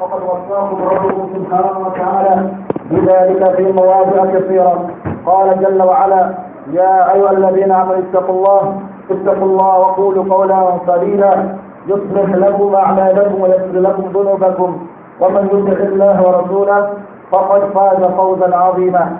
وقد وصاكم ربكم سبحانه وتعالى بذلك في مواضع كثيرة قال جل وعلا يا أيها الذين آمنوا اتقوا الله اتقوا الله وقولوا قولا سديدا يصلح لكم أعمالكم ويغفر لكم ذنوبكم ومن يطع الله ورسوله فقد فاز فوزا عظيما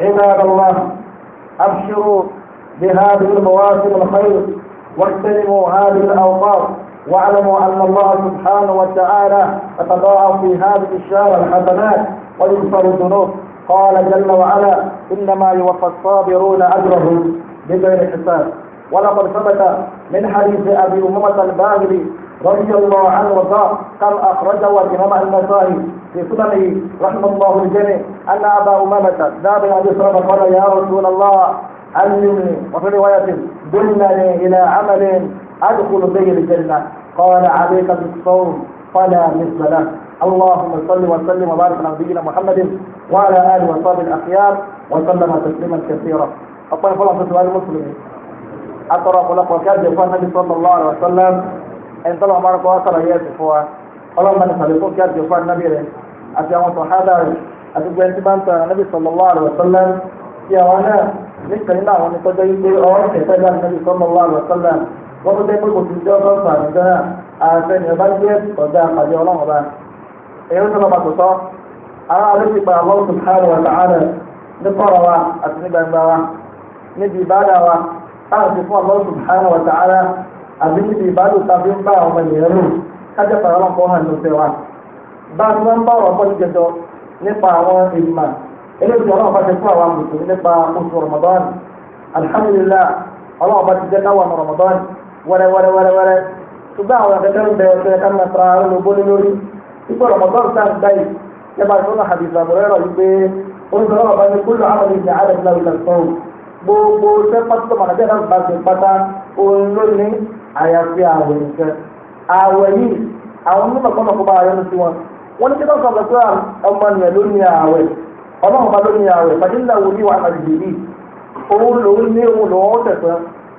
عباد الله أبشروا بهذه المواسم الخير واجتنبوا هذه الأوقات واعلموا أن الله سبحانه وتعالى تتضاعف في هذه الشارع الحسنات ويغفر الذنوب قال جل وعلا إنما يوفى الصابرون أجرهم بغير حساب ولقد ثبت من حديث أبي أمامة الباهلي رضي الله عنه وارضاه كم أخرجه الإمام النسائي في سننه رحمه الله الجميع أن أبا أمامة ذهب إلى أبي سلمة قال يا رسول الله علمني وفي رواية دلني إلى عمل أدخل به الجنة قال عليك بالصوم فلا مثل له اللهم صل وسلم وبارك على نبينا محمد وعلى اله وصحبه الاخيار وسلم تسليما كثيرا اقول فلا سؤال المسلمين atọrọ ọ̀pọ̀lọpọ̀ kí a jẹ fún anabi sallallahu alaihi wasallam ẹni tọ́lọ̀ ọmọ arúgbó asọ̀rọ̀ yẹ ẹsẹ̀ fún wa ọlọ́mọba ní sàlẹ̀ fún kí a jẹ fún anabi rẹ àti àwọn sọ̀hádà rẹ àti gbẹ̀ntì bá ń tọ̀ anabi sallallahu alaihi wasallam tí àwọn náà níkànnì náà àwọn onítọ́jọ́ yìí pé ọwọ́ ìṣẹ̀fẹ́ dá anabi sallallahu alaihi wasallam wọ́n tó jẹ́ pé kò sí jọ́ sọ́ọ̀sì àtijọ́ra àfẹnì ọba jẹ́ ọ̀dà àpàdé ọlọ́run ọba èyí tó lọ́ba tó tọ́ ara rẹ̀ ti gba Allah subhanahu wa ta'ala ní kọ̀rọ̀ wa àti ní gbangba wa níbi ìbáda wa táwọn ti fún Allah subhanahu wa ta'ala àbí níbi ìbádò tàbí ń bá àwọn ènìyàn rò kájọ pàrọ̀ wọn kọ́ hàn ní ọ̀sẹ̀ wa bá a ti bá wọn bọ́ jẹjọ nípa àwọn ìmọ̀ eléyìí ọlọ́run bá ti fún àwọn mùsùlùmí nípa oṣù Ramadan alhamdulillah ọlọ́run bá ti jẹ́ káwọn Ramadan wẹ́rẹ́ wẹ́rẹ́ wẹ́rẹ́ wẹ́rẹ́ ṣùgbọ́n àwọn akẹ́kẹ́ ń bẹ ọ̀sẹ̀ ká máa fara ara lóbó lórí ipò rọ̀mọ̀tán sáà ń báyìí lẹ́bàá tó náà hàbìbà bọ̀rẹ́ rọ̀ wípé oníṣẹ́ náà bá ní kúlù àwọn ìjà àdàbí náà wíwà sọ́ọ̀ gbogbo ṣẹ́ pátọ́ màdàbí àdàbí bá ṣe pátá òun ló ní àyàfi àwẹ̀ nìkan àwẹ̀ yìí àwọn onímọ̀ kọ́nà kó bá ayọ́nu sí wọn wọ́n ní kí sọ̀rọ̀ pé ọmọ nìyẹn ló ní àwẹ̀ ọlọ́run ló ní àwẹ̀ fàdílà wo ní wàhálà jìbì òun lòun ní òun lòun ó tẹ̀sán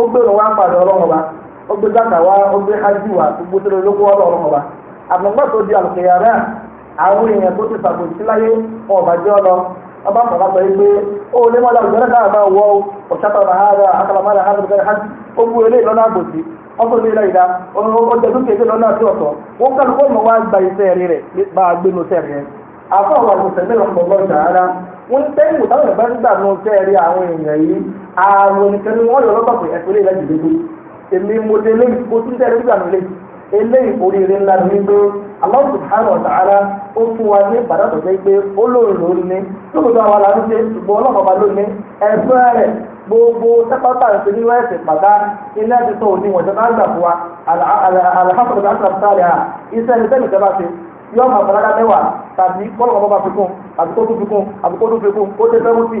ó gbé òun wá ọlọ́run wa ó gbé gàkà wá ó gbé hajj wa gbogbo tó lóko ọlọ́run wa àmọ́gbà di àlùkìyà àwọn èèyàn tó ti sàkóso wọn ò bá jẹ́ ọ wọn bá sọ̀rọ̀ pé pé ó lé mọ́lá òjòrè káà máa wọ òṣàtà hajj lọ́nà ọjọ́ lọ́nà àti ọ̀tọ̀ wọn kàn gba iṣẹ́ bá a gbénu sẹ́ẹ̀rì rẹ̀ àfọwọ́ àgùntàn mẹ́rin ọ̀pọ̀ lọ́jà ara wọn tẹ́yìn àwọn èèyàn yìí àwọn nìkan ni wọ́n lọ lọ́gbà pé ẹ̀sùn lè rẹ̀ jìbìtì èmi mo lè lé mo tún tẹ̀lé nígbà mi lé eléyìí oríire ńlá ni wípé Allah subhanahu wa ó fún wa ní ìbàdàtọ̀ jẹ́ pé ó lórí ní lóòótọ́ àwa la ń ṣe ṣùgbọ́n ọlọ́run ọba lónìí ẹ̀sùn rẹ̀ gbogbo sápátá ìṣe ní wẹ́ẹ̀sì pàdá ilé ti sọ òní wọ̀jọ́ náà gbà fún wa alhassan ọ̀dà àti àbúrò àríà iṣẹ́ ní sẹ́ni ìjọba ṣe yọ̀ọ́ màbàlágà mẹ́wàá tàbí kọ́lọ̀ ọ̀bọ̀ bá fi kún àbíkó tó fi kún àbíkó tó fi kún ó dé fẹ́ mú sí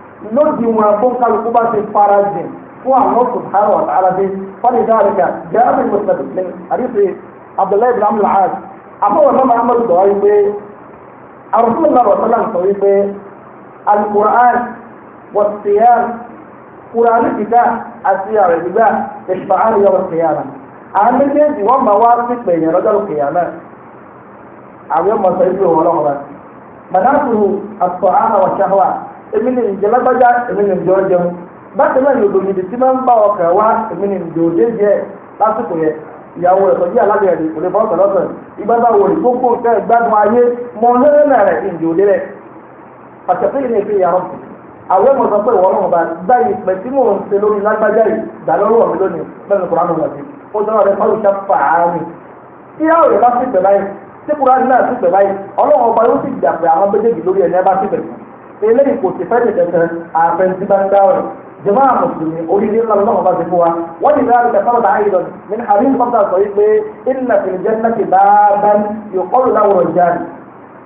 lóde wọn abọ́nkálukú bá ti fara jìn fún àwọn subhanahu wa ta'ala dé fọ́nì dáríkà jẹ́rẹ́mì mùsùlùmí àdìsí abdullahi ibn amul aad àbọ̀wọ̀n náà máa ń bọ̀dọ̀ wáyé pé àrùsùn náà wọ̀ sọ́lá ń sọ wípé alukur'an wọ̀ síyàn kur'an ìgbà àti àrẹ̀ ìfàhàn yọ̀ wọ̀ síyàn àwọn méjèèjì wọ́n máa wá sí pèèyàn lọ́jọ́ kìyàmẹ́ àwọn ọmọ sọ ibi òun èmi ni ǹjẹ́ lágbájá èmi ni ǹjẹ́ ọjọ́ bákan náà ni òdòmìnì tí máa ń bá ọkàn wá èmi ni ǹjẹ́ òde jẹ lásìkò yẹn ìyàwó rẹ̀ tọ́jú alágbèrè kò lè fọ́ ọ̀sán lọ́sàn ìgbà bá wò ní gbogbo nǹkan ìgbádùn ayé mọ lẹ́rẹ́nà rẹ̀ ǹjẹ́ òde rẹ̀ pàṣẹpẹ́ yìí ni èké ìyàwó àwọn ọmọ sọ pé ìwọ ọlọ́run bá gbá ìpè tí mò ń ṣe lórí lágbájá yìí gbà lọ́rùn ọ̀mí lónìí bẹ́ẹ̀ ni kò ránù wọ̀nyí ó sọ rẹ̀ pálọ̀ ṣàfà àárín tí yàwó rẹ̀ bá sì pẹ̀ báyìí tí kùránì náà sì pẹ̀ báyìí ọlọ́run ọba yóò sì gbà pé àwọn méjèèjì lórí ẹ̀ ní ẹ bá sì pẹ̀ fún eléyìí kò sì fẹ́ẹ́ tẹ̀tẹ̀ àfẹnusí bá ń dáwọ̀ jọba mùsùlùmí oríire ńlá lọ́wọ́ bá ti fún wa wọ́n ti dáhùn lẹ́kọ́ lọ́dà ayé lọ́dún nínú àdéhùn bá bá sọ yìí pé ìnà fìlìjẹ́ náà ti bá bá yóò kọ́ lọ́dà wọ̀rọ̀ jáde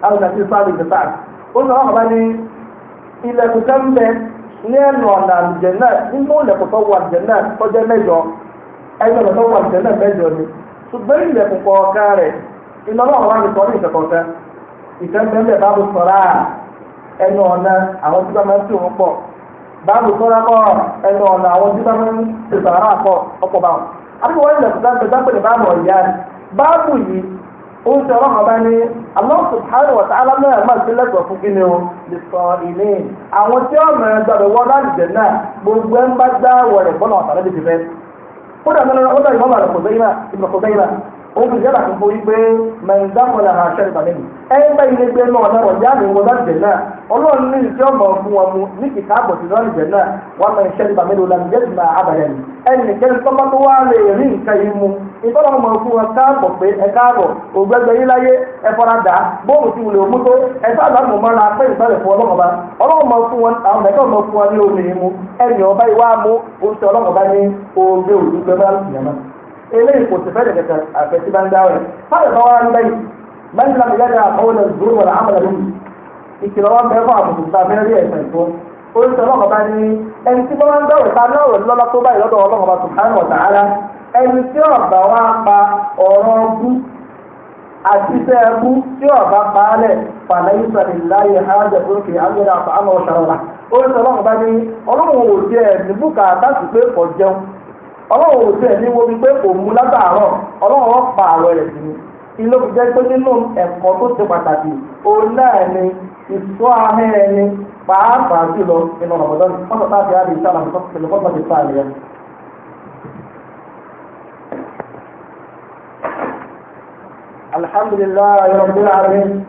àwọn àti sáàbì ti sáà ó ní ọlọ́wọ́ bá ní ilẹ̀kùn tẹ́ ń bẹ ní ẹnu ọ̀nà àlùjẹ̀nà nínú ilẹ̀kùn tó wà àlùjẹ̀nà tọ́jẹ́ mẹ́jọ ẹgbẹ́ tó wà àlùjẹ̀nà mẹ́jọ ni ṣùgbọ́n ilẹ̀kùn kọ̀ọ̀kan rẹ̀ ìnáwó àwọn àgbẹ̀kọ̀ ní ẹnu ọ̀nà àwọn tí wọ́n máa ń fi òun pọ̀ báàbù sọ́ra pọ̀ ẹnu ọ̀nà àwọn tí wọ́n máa ń fi sàrà pọ̀ ọ̀pọ̀ báwọn. àbúkọ wọn lè sọ́dọ̀ pé dápẹ́ báàbù ọ̀yá báàbù yìí ó ń ní máa ti fún kí ni o lè sọ àwọn tí wọ́n gbogbo ẹ̀ oṣù jẹ́ làkókò wípé mẹ̀ndámọ̀lá àṣẹ ìbàlẹ́mì ẹ̀yìn bá ilé gbé náà náà ọ̀já mi wọ́n láti jẹ̀ náà ọlọ́run ní ìṣe ọmọ fún wọn mu ní kìkà àbọ̀tì náà jẹ̀ náà wọ́n jẹ́ ìgbà tọ́ba tó wá lè rí nǹkan yìí mu ìtọ́lọ́ ọmọ wọn káàbọ̀ pé ẹ káàbọ̀ ògbẹ́gbẹ́ eléyìí kò sì fẹ́ dẹ̀kẹ̀ àfẹ́sí bá ń dáwọ̀ yìí fáwọn ìfọwọ́ ń bẹ́yìí mẹ́rin náà yẹ́dá àwọn ìzúrú wọn àmàlà ìkìlọ̀ wọn bẹ́ẹ̀ fún àbùkù a fẹ́ rí ẹ̀sẹ̀ tó oríṣi ọlọ́kọ̀ bá ní ẹni tí wọ́n ń dáwọ̀ ta náà rẹ̀ lọ́lá tó báyìí lọ́dọ̀ ọlọ́kọ̀ bá ẹni tí ọlọ́run ò tẹ̀ ní wo mi pé kò mú látàárọ̀ ọlọ́run wọn pa àwọ̀ rẹ̀ sí ni ilé fi jẹ́ pé nínú ẹ̀kọ́ tó ṣe pàtàkì òun náà ni ìṣọ́ ahẹ́ ẹni pàápàá jùlọ nínú ọ̀mọ̀dọ́ ni wọ́n sọ láti ráàdì ìṣàlà nǹkan pẹ̀lú fọ́tọ̀ ti sáà nìyẹn. alhamdulillah rabbil alamin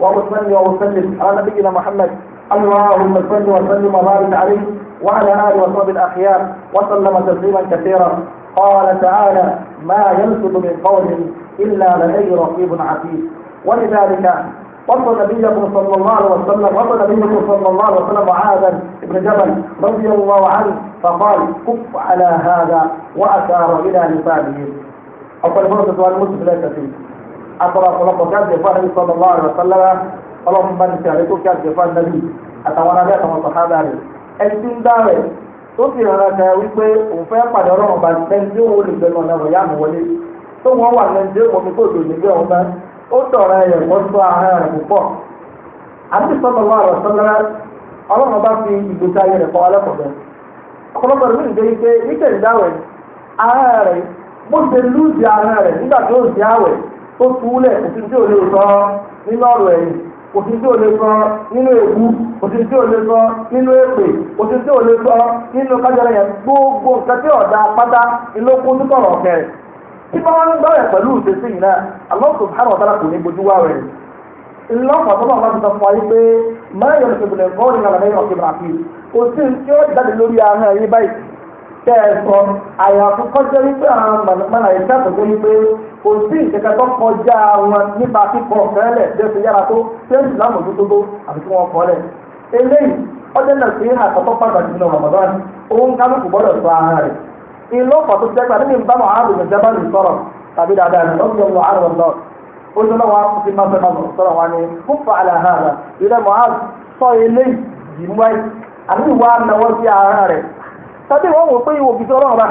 wa salli wa sallim ala nabiyyina muhammad allahumma salli wa sallim wa barik alayhi وعلى آله وصحبه الأخيار وسلم تسليما كثيرا قال تعالى ما يلفظ من قول إلا لديه رقيب عتيد ولذلك وصل نبيكم صلى الله عليه وسلم وصل نبيكم صلى الله عليه وسلم معاذا بن جبل رضي الله عنه فقال كف على هذا وأشار إلى لسانه أقول فرصة سؤال مسلم ليس فيه أقرأ ربك النبي صلى الله عليه وسلم اللهم من شاركك النبي أتوانا بك الصحابة عليه ẹni tí ń dá rẹ̀ tó sì rárá kan wípé òun fẹ́ pàdé ọlọ́run bá ẹni tí òun lè gbẹnu ọ̀nà ọ̀yá mi wọlé tó wọ́n wà lẹ́nu tí òun kò lò nígbẹ́ òun náà ó tọ̀rọ̀ ẹ̀yẹ̀ ara rẹ̀ púpọ̀ àti sọ́dọ̀ wà rọ̀ ọlọ́run bá fi ìgbésí ayé rẹ̀ ọ̀pọ̀lọpọ̀ ń gbé ike níkẹ́ òtítí ole sọ nínú èwú òtítí ò sọ nínú èpè òtítí ò sọ nínú kájọra yẹn gbogbo nǹkan tí ọ̀dà pátá ìlókun tó tọ̀rọ̀ ọ̀kẹ́rẹ̀ tí bá wọn gbọ́ rẹ̀ pẹ̀lú ìṣesí yìí náà Allah subhanahu wa kò ní gbojú wá rẹ̀ ńlọ́pàá tó ti sọ fún wa yìí pé ọ̀kẹ́ kò sí ní tẹ́ ẹ sọ àyàfi kọjá wípé àwọn mọ̀nàmọ́nà yìí sàtọ̀tọ̀ wípé kò sí ìkẹ́kẹ́ tó kọjá wọn nípa kíkọ́ fẹ́lẹ̀ dẹ́sẹ̀ yára tó tẹ́sí lámòjútó tó àti tí wọ́n kọ́ lẹ̀. eléyìí ọjọ́ náà pàtàkì nínú Ramadan òun kálukú gbọ́dọ̀ sọ ara rẹ̀. tó tẹ́gbà nínú ìbámu àrùn sọ̀rọ̀ tàbí dáadáa tàbí wọ́n wò pé ìwò òbí sọ̀rọ̀ ọba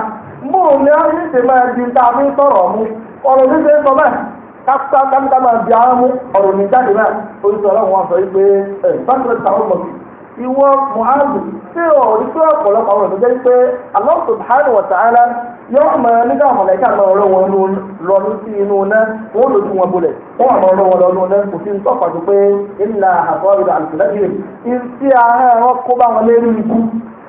mbó ni a ṣe máa di ta fi sọ̀rọ̀ mu ọ̀rọ̀ mi ṣe ń sọ bẹ́ẹ̀ kápítà kápítà máa di ara mu ọ̀rọ̀ mi jáde náà oníṣòro wọn sọ yìí pé ẹ báńkì ta ọmọ mi ìwọ muhammed ṣé ọ̀rí pé ọ̀pọ̀lọpọ̀ àwọn ọ̀sẹ̀ jẹ́ pé Allah subhanahu wa ta'ala yóò mọ nígbà mọ̀lẹ́kà máa rọ wọn lọ sí inú náà wọn ò lòdì wọn bolẹ̀ wọn àmọ́ rọ wọn lọ nù náà kò sí ní tọ́pàá tó pé ìlà àkọọ́lù àlùfẹ́ lẹ́yìn ìsí ahọ́n kó bá wọn lé ní ikú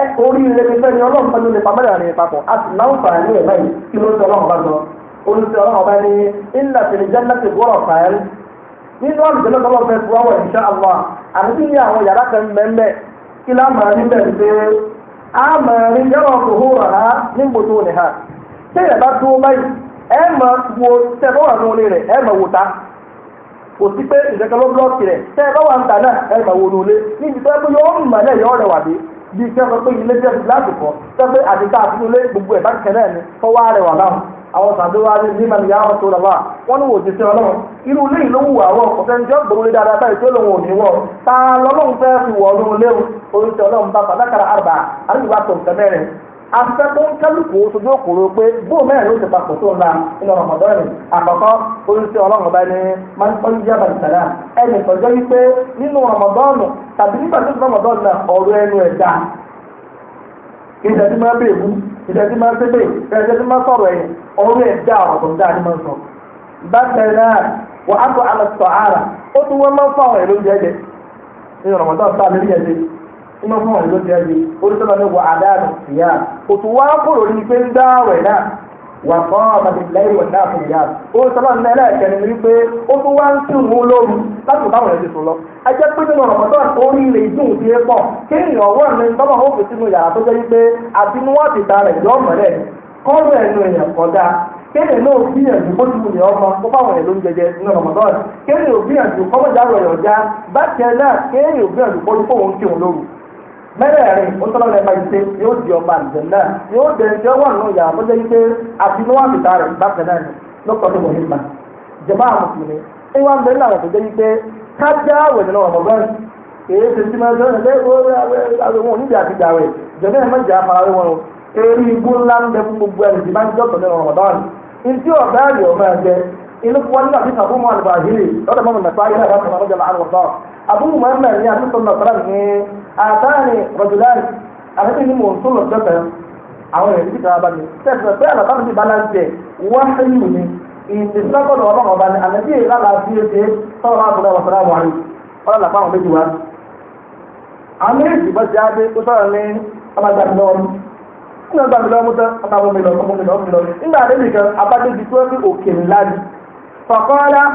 ẹ orí ilẹ̀ fífẹ́ ni ọlọ́run pẹ̀lú ilẹ̀ pàmẹ́lẹ̀ rẹ̀ papọ̀ a sì máa ń fà ní ẹ̀mẹ́ yìí kí ló ń sọ ọlọ́run bá sọ olùsọ ọlọ́run bá ní nínú fẹ́ fún ìṣá àwọn àbíkí ní àwọn yàrá kan mẹ́mẹ́ kí máa bẹ́ẹ̀ pé a máa rí yọ̀rọ̀ kò ní ní ha bá ẹ wo wà ẹ wò ta kò sí pé ìdẹ́kẹ́ ló rẹ̀ wà ń ta náà ẹ wò lóore níbi tó ẹ yọ ọ́ mọ̀ náà yọ ọ́ dé bí sẹ́kọ̀ọ́ pé ilé jẹ́ láti kọ́ sẹ́kọ̀ọ́ àdìsá àti ilé gbogbo ẹ̀ bá ń kẹ́lẹ́ ẹ̀mí fọwọ́ rẹ̀ wà láwọn àwọn sàbí wa ní ní màmí yàrá tó lọ́wọ́ wọn ní wò ti sẹ́ ọlọ́run irú ilé ìlú wù àwọn ọ̀sẹ̀ ní ọgbọ̀n orí dáadáa báyìí tó lòun ò ní wọ̀ ta lọ́lọ́run fẹ́ fi wọ̀ ọdún léwu orí sẹ́ ọlọ́run bá fàdákàrà àrùbà àríwá tó nǹkan mẹ́rin afẹ́kọ́ kálukú sojú òkúrò pé bó mẹ́rin ló ti papọ̀ tó ńlá nínú ọmọdọ́rin àkọ́kọ́ oríṣi ọlọ́run ọba ni máa ń tàbí nígbà tó sọ̀rọ̀ mọ̀tọ́ náà ọ̀rọ̀ ẹnu ẹ̀ dá máa bèèbú ìṣẹ́ máa ṣébè ìṣẹ́ máa sọ̀rọ̀ ẹ̀yìn ọ̀rọ̀ ẹ̀ dá ọ̀rọ̀ máa sọ. bákan náà wà á kọ alàtọ̀ ara ó tún wọ́n máa fáwọn ẹ̀ lóúnjẹ ní ọ̀rọ̀ wà kọ́ àmàdìlẹ́yìn wọ̀n náà fún ìyá ó sábà ń lẹ́lẹ́ ẹ̀kẹ́ni mi wípé ó tún wá ń sùn mú lóru láti báwọn ẹ̀jẹ̀ sùn lọ. ẹ jẹ́ pé nínú ọ̀rọ̀ mọ́tò orí ilẹ̀ ìdùn ti é pọ̀ kí ni ọ̀wọ́ mi tọ́mọ̀ ó fi sínú yàrá tó jẹ́ wípé àbínú wọ́n ti ta rẹ̀ yọ mọ́lẹ̀ kọ́ọ̀rù ẹ̀nu èèyàn kọjá kéde náà gbìyànjú bó ti wùyàn ọmọ kó fáwọn èèyàn ló ń jẹjẹ ní Ramadan kéde ò gbìyànjú kọ́mọ̀jà rọ̀ yọ̀ọ̀já bákẹ́ náà kéde ò gbìyànjú kó ní fóun kí òun lóru mẹ́rẹ̀ẹ̀rin ó tọ́lọ́ lẹ́ẹ̀ma ìṣe yóò di ọba àgbẹ̀ náà yóò dẹ̀ ṣe wà nínú ìyá àbọ̀jẹ́ yìí pé àfinúwà fìta rẹ̀ bákan náà lọ́kọ̀ tó wọlé gbà jẹ̀má àmùsùlùmí ẹ wá ń bẹ nínú àwọn àbọ̀jẹ́ yìí pé kájá àwẹ̀ nínú ọmọ bẹ́ẹ̀ èyí ṣe ti máa ń sọ́yìn lẹ́yìn owó àwọn ohun onídìí àti ìdàwẹ̀ jẹ̀má ẹ̀ mẹ́jà àfàwé wọn o eré igbó ńlá ń bẹ fún gbogbo ẹni tí máa ń jọ́sọ̀ nínú ọmọ báwọn ntí ọ̀gá rẹ̀ ọmọ ẹ̀jẹ̀ inú fún wọn nígbà tí sàbúmọ̀ A máa a nà ní àtúntò a ní àtàní rọ̀jùláì àtàtì ní mò ń tó lọ́jọ́ kan àwọn èèyàn ti kàwá bá mi tẹ̀sán pé àlàbà mi ti bá láti jẹ wá sẹ́yìn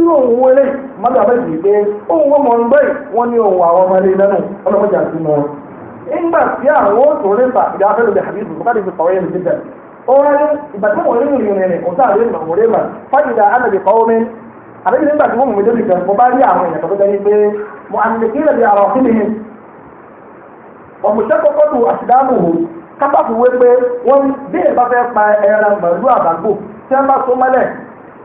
ihe òun wọlé mmadụ àbẹ́sì pé òun wọ́n mọ̀ ń bẹ́ẹ̀ wọ́n ní òun àwọn ọmọdé lẹ́nu ọlọ́mọdé àti mọ́ nígbà tí ndị òtò nípa ìdá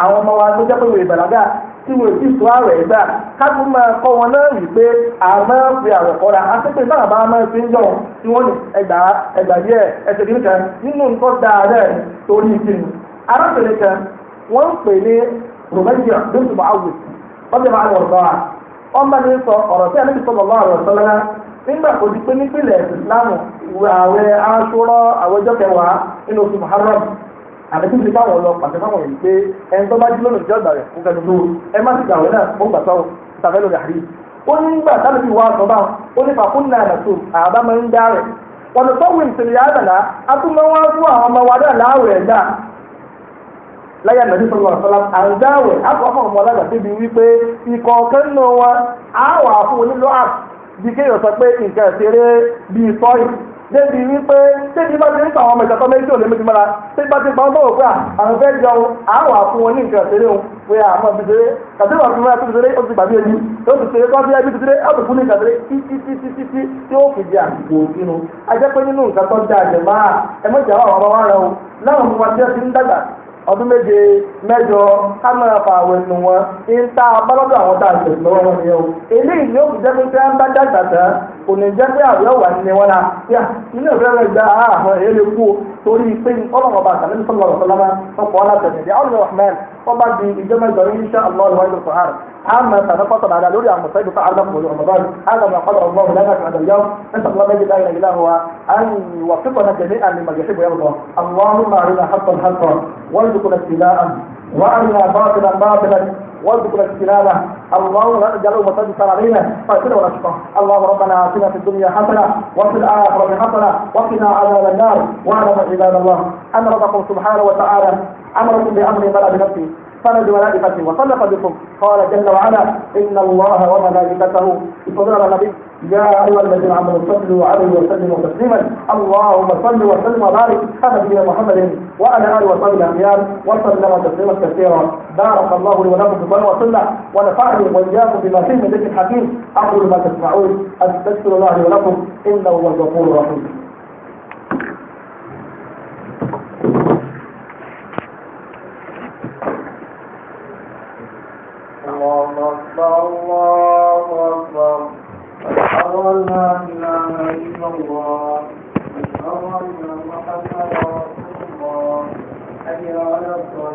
àwọn ọmọ wa tó jẹ́ pé wèrè bàlágà tí wèrè tí sùn àwẹ̀ gbà kájú máa kọ́ wọn náà rí pé àmọ́ fi àwọ̀ kọ́ra àtẹ́pẹ́ náà bá máa fi ń yọ̀ tí wọ́n ní ẹgbà ẹgbà díẹ̀ ẹsẹ̀ kìíní kan nínú nǹkan dáadáa torí kan wọ́n ń pè ní máa wọ̀ sọ ọ̀rọ̀ tí lọ́wọ́ nígbà tó di pé nípìnlẹ̀ ìsìlámù àwẹ̀ aṣọ́rọ̀ àwẹ̀jọ́ àbẹ̀tí ti báwọn lọ pàṣẹ fáwọn yìí pé ẹni tó bá jí lónìí jẹ́ ọ̀gbà rẹ̀ kó fẹ́ẹ́ lò ẹ má ti gbàwé náà ó gbà sọ́wọ́ ìtàfẹ́ lórí àrí. ó ní gbà sábà fi wá sọ báwọn ó ní fàkún náà nà tó àbá máa ń dá rẹ̀ wọn lọ sọ́wọ́ ìṣẹ̀lẹ̀ àdàlà a tún máa ń wá fún àwọn ọmọ wa náà láàwẹ̀ ẹ̀dá láyà nàbí sọlọ àṣọlá àǹdáwẹ̀ á débi wípé débi bá ti ń sàwọn ọmọ ìṣẹ̀tọ́ méjì òní méjì débi bá ti gbọ́n àwọn fẹ́ jọ àwọn àfún ní nǹkan pé àwọn ọmọ ìṣeré fún ó ti ẹni ó ti ṣeré ó ti fún ní títí títí títí tí ó fi di àsìkò ajẹ́ pé nínú nǹkan tó da ọdún méje a ṣẹ̀ṣẹ̀ lọ́wọ́ wọn nìyẹn o eléyìí ni ó fi jẹ́ pé tí wọ́n bá dàgbà kò ní jẹ́ pé àwẹ̀ wà ní wọn la yá inú ìfẹ́ rẹ̀ gba àwọn èyí lè kú torí pé ọlọ́run ọba àtàlẹ́ ní sọ́lọ́rọ̀ sọ́lọ́mà ọkọ̀ ọ̀la tẹ̀lé dé ọlọ́run rahman ọba di ìjọba insha Allah wáyé sọ̀hán عما سنقص على لوري عن مصيب فعلنا في رمضان هذا ما قدر الله لنا في هذا اليوم نسأل الله الذي لا إله إلا هو أن يوفقنا جميعا لما يحب ويرضى اللهم أرنا حقا حقا وارزقنا ابتلاء وأرنا باطلا باطلا وارزقنا اجتنابه اللهم لا تجعله مساجد علينا فاغفر ولا شفاه اللهم ربنا اتنا في الدنيا حسنه وفي الاخره حسنه وقنا عذاب النار واعلم عباد الله ان ربكم سبحانه وتعالى امركم بامر بلا بنفسه فرد ملائكته وصدق بكم قال جل وعلا ان الله وملائكته يصلون على النبي يا أيها الذين آمنوا صلوا عليه وسلموا تسليما اللهم صل وسلم وبارك على سيدنا محمد وعلى آله وصحبه الأخيار وسلم تسليما كثيرا بارك الله لي ولكم في القرآن والسنة ونفعني وإياكم بما فيه من ذكر حكيم أقول ما تسمعون أستغفر الله لي ولكم إنه هو الغفور الرحيم الله الله أشهد أن لا إله إلا الله أشهد أن محمدا رسول الله حي على الصلاة